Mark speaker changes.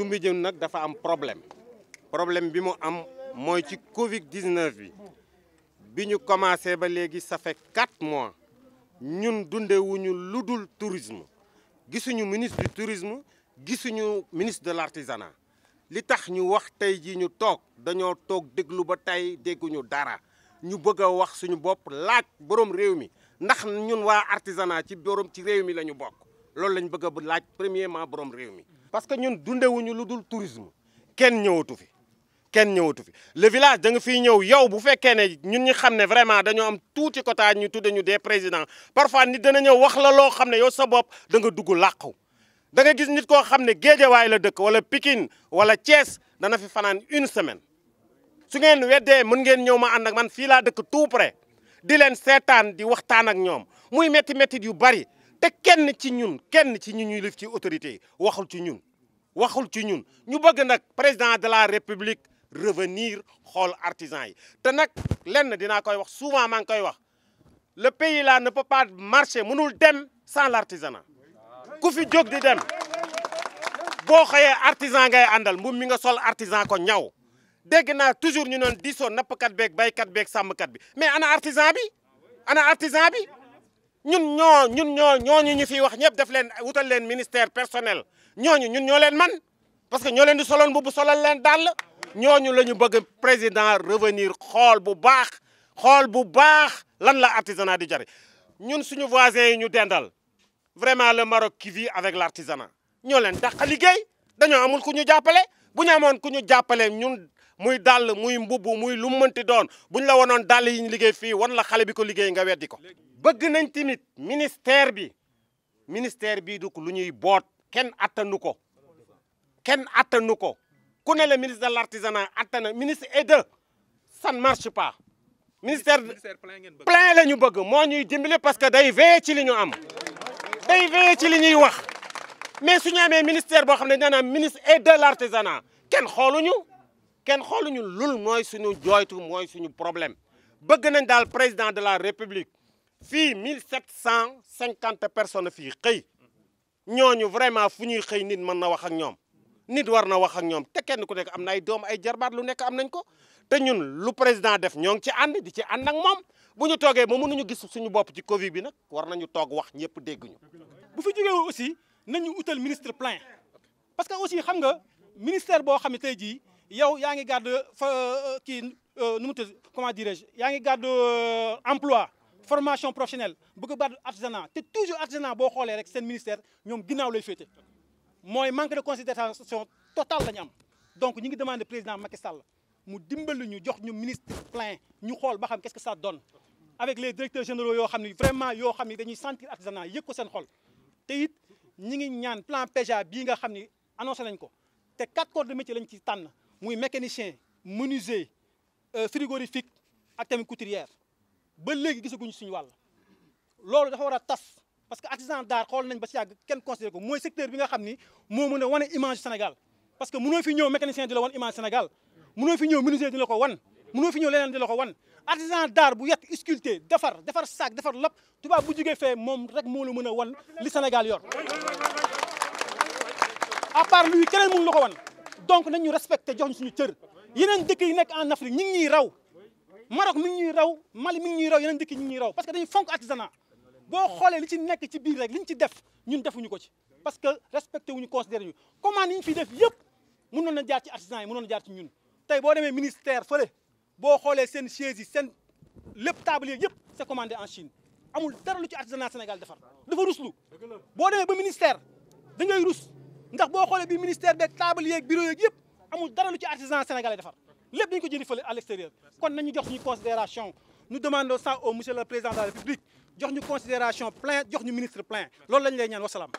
Speaker 1: Soumbédioune nag dafa am problème problème bi mu am mooy ci Covid 19 bi bi ñu commencé ba léegi ça fait quatre mois ñun dundewuñu lu dul tourisme gisuñu ministre du tourisme gisuñu ministre de l'artisanat li tax ñu wax tey jii ñu toog dañoo toog déglu ba tey dégguñu dara ñu bëgg a wax suñu bopp laaj borom réew mi ndax ñun waa artisanat ci borom ci réew mi la ñu bokk loolu lañ bëgg a laaj premièrement borom réew mi. parce que ñun dundewuñu lu dul tourisme kenn ñëwatu fi kenn ñëwatu fi le village da nga fiy ñëw yow bu fekkee ne ñun ñu xam ne vraiment dañoo am tuuti quota ñu tu dañu dee président parfois nit dana ñëw wax la loo xam ne yow sa bopp da nga dugg làqu danga nga gis nit koo xam ne géejawaay la dëkk wala pikin wala Thiès dana fi fanaan une semaine su ngeen weddee mën ngeen ñëw ma ànd ak man fii laa dëkk tout près di leen seetaan di waxtaan ak ñoom muy métti métti yu bari te kenn ci ñun kenn ci ñu ñuy lif ci autorité yi waxul ci ñun waxul ci ñun ñu bëgg nag président de la république revenir xool artisan yi te nag lenn dinaa koy wax souvent maa ngi koy wax le pays là ne peut marché marcher mënul dem sans l'artisanat ku fi jóg di dem boo xëyee artisan ngay àndal mbubb mi nga sol artisan ko ñaw dégg naa toujours ñu noon diisoo nappkat beeg baykat beeg sàmmkat bi mais ana artisan bi ana artisan bi ñun ñoo ñun ñoo ñooñu ñu ñu fiy wax ñëpp def leen wutal leen ministère personnel ñooñu ñun ñoo leen man parce que ñoo leen di soloon bu bu solal leen dàll ñooñu la ñu bëgg président revenir xool bu baax xool bu baax lan la artisanat di jare ñun suñu voisins yi ñu dendal vraiment la Maroc qui vit avec l' artisanat ñoo leen dàq liggéey dañoo amul ku ñu jàppale bu ñu amoon ku ñu jàppale ñun muy dàll muy mbubb muy lu mënti doon bu ñu la wanoon dàll yi ñu liggéey fii wan la xale bi ko liggéey nga weddi ko. bëgg nañ tamit ministère bi ministère bii du lu ñuy boot kenn attanu ko kenn attanu ko ku ne la ministre de l'artisanat attana ministre et de ça ne marche pas. ministère plein la ñu bëgg moo ñuy dimbali parce que day veillé ci li ñu am day veillé ci li ñuy wax. mais suñu amee ministère boo xam ne daanaam ministre et de l' artisanat kenn xooluñu kenn xooluñu lul mooy suñu jooytu mooy suñu problème bëgg nañ daal président de la république fii mille sept cent cinquante personnes fii xëy ñooñu vraiment fu ñuy xëy nit mën na wax ak ñoom nit war na wax ak ñoom te kenn ku nekk am na ay doom ay jarbaat lu nekk am nañ ko te ñun lu président def ñoo ngi ci ànd di ci ànd ak moom bu ñu toogee ba mënuñu gis suñu bopp ci Covid bi nag war nañu toog wax ñëpp dégg ñu bu fi jógee nañu utal ministre plein
Speaker 2: parce que aussi xam nga ministère boo xam ne tey jii yow yaa ngi gàdd fa euh, kii euh, nu mu tudd comment dirais-je yaa ngi gàdd euh, emploi formation professionnelle bëgg a baat artisanat te toujours artisanat boo xoolee rek seen ministère ñoom ginnaaw lay féete mooy manque de considération totale la ñu am donc ñu ngi demande président Macky Sall mu dimbali ñu jox ñu ministre plein ñu xool ba xam qu'est-ce que ça donne avec les directeurs généraux yoo xam ni vraiment yoo xam ni dañuy sentir artisanat yëg ko seen xol ñi ngi ñaan plan PEJA bii nga xam ni annoncé nañ ko te quatre corps de métier lañ ci tànn muy mécanicien menuisier euh, frigorifique ak tamit couturière ba léegi gisaguñ suñu wàll loolu dafa war a tas parce que artisan d'art xool nañ ba si yàgg kenn considéré ko mooy secteur bi nga xam ni moo mën a wane image Sénégal parce que mënoo fi ñëw mécanicien di la wan image Sénégal mënoo fi ñëw menuisier di la ko wan mënoo fi ñëw leneen di la ko wan artisan daar bu yett sculpté defar defar sac defar lépp tubaab bu jógee fee moom rek moo la mën a wan li Sénégal à part lui keneen mënu la wan donc nañ ñu respecté jox ñu suñu cër yeneen dëkk yi nekk en Afrique ñu ngi ñuy raw Maroc mi ngi ñuy raw Mali mi ngi ñuy raw yeneen dëkk yi ñu ngi ñuy raw parce que dañuy fonk artisanat boo xoolee li ci nekk ci biir rek li ñu ci def ñun defuñu ko ci parce que respecté wuñu considéré ñu commande yi ñu fiy def yëpp mënoon na jaar ci artisan yi mënoon na jaar ci ñun tey boo demee ministère fële boo xoolee seen chaise yi seen lépp tablier yëpp c'est commandé en Chine amul dara lu ci artisanat Sénégal defar dafa ruslu boo demee ba ministère da ngay rus ndax boo xoolee bi ministère beeg table yeeg bureau yeeg yëpp amul dara lu ci artisan sénégalais defar lépp dañu ko jëndi fële à l'extérieur kon nañu jox suñu considération nous demandons ça au monsieur le président de la république jox ñu considération plein jox ñu ministre plein loolu lañ lay ñaan wasalaam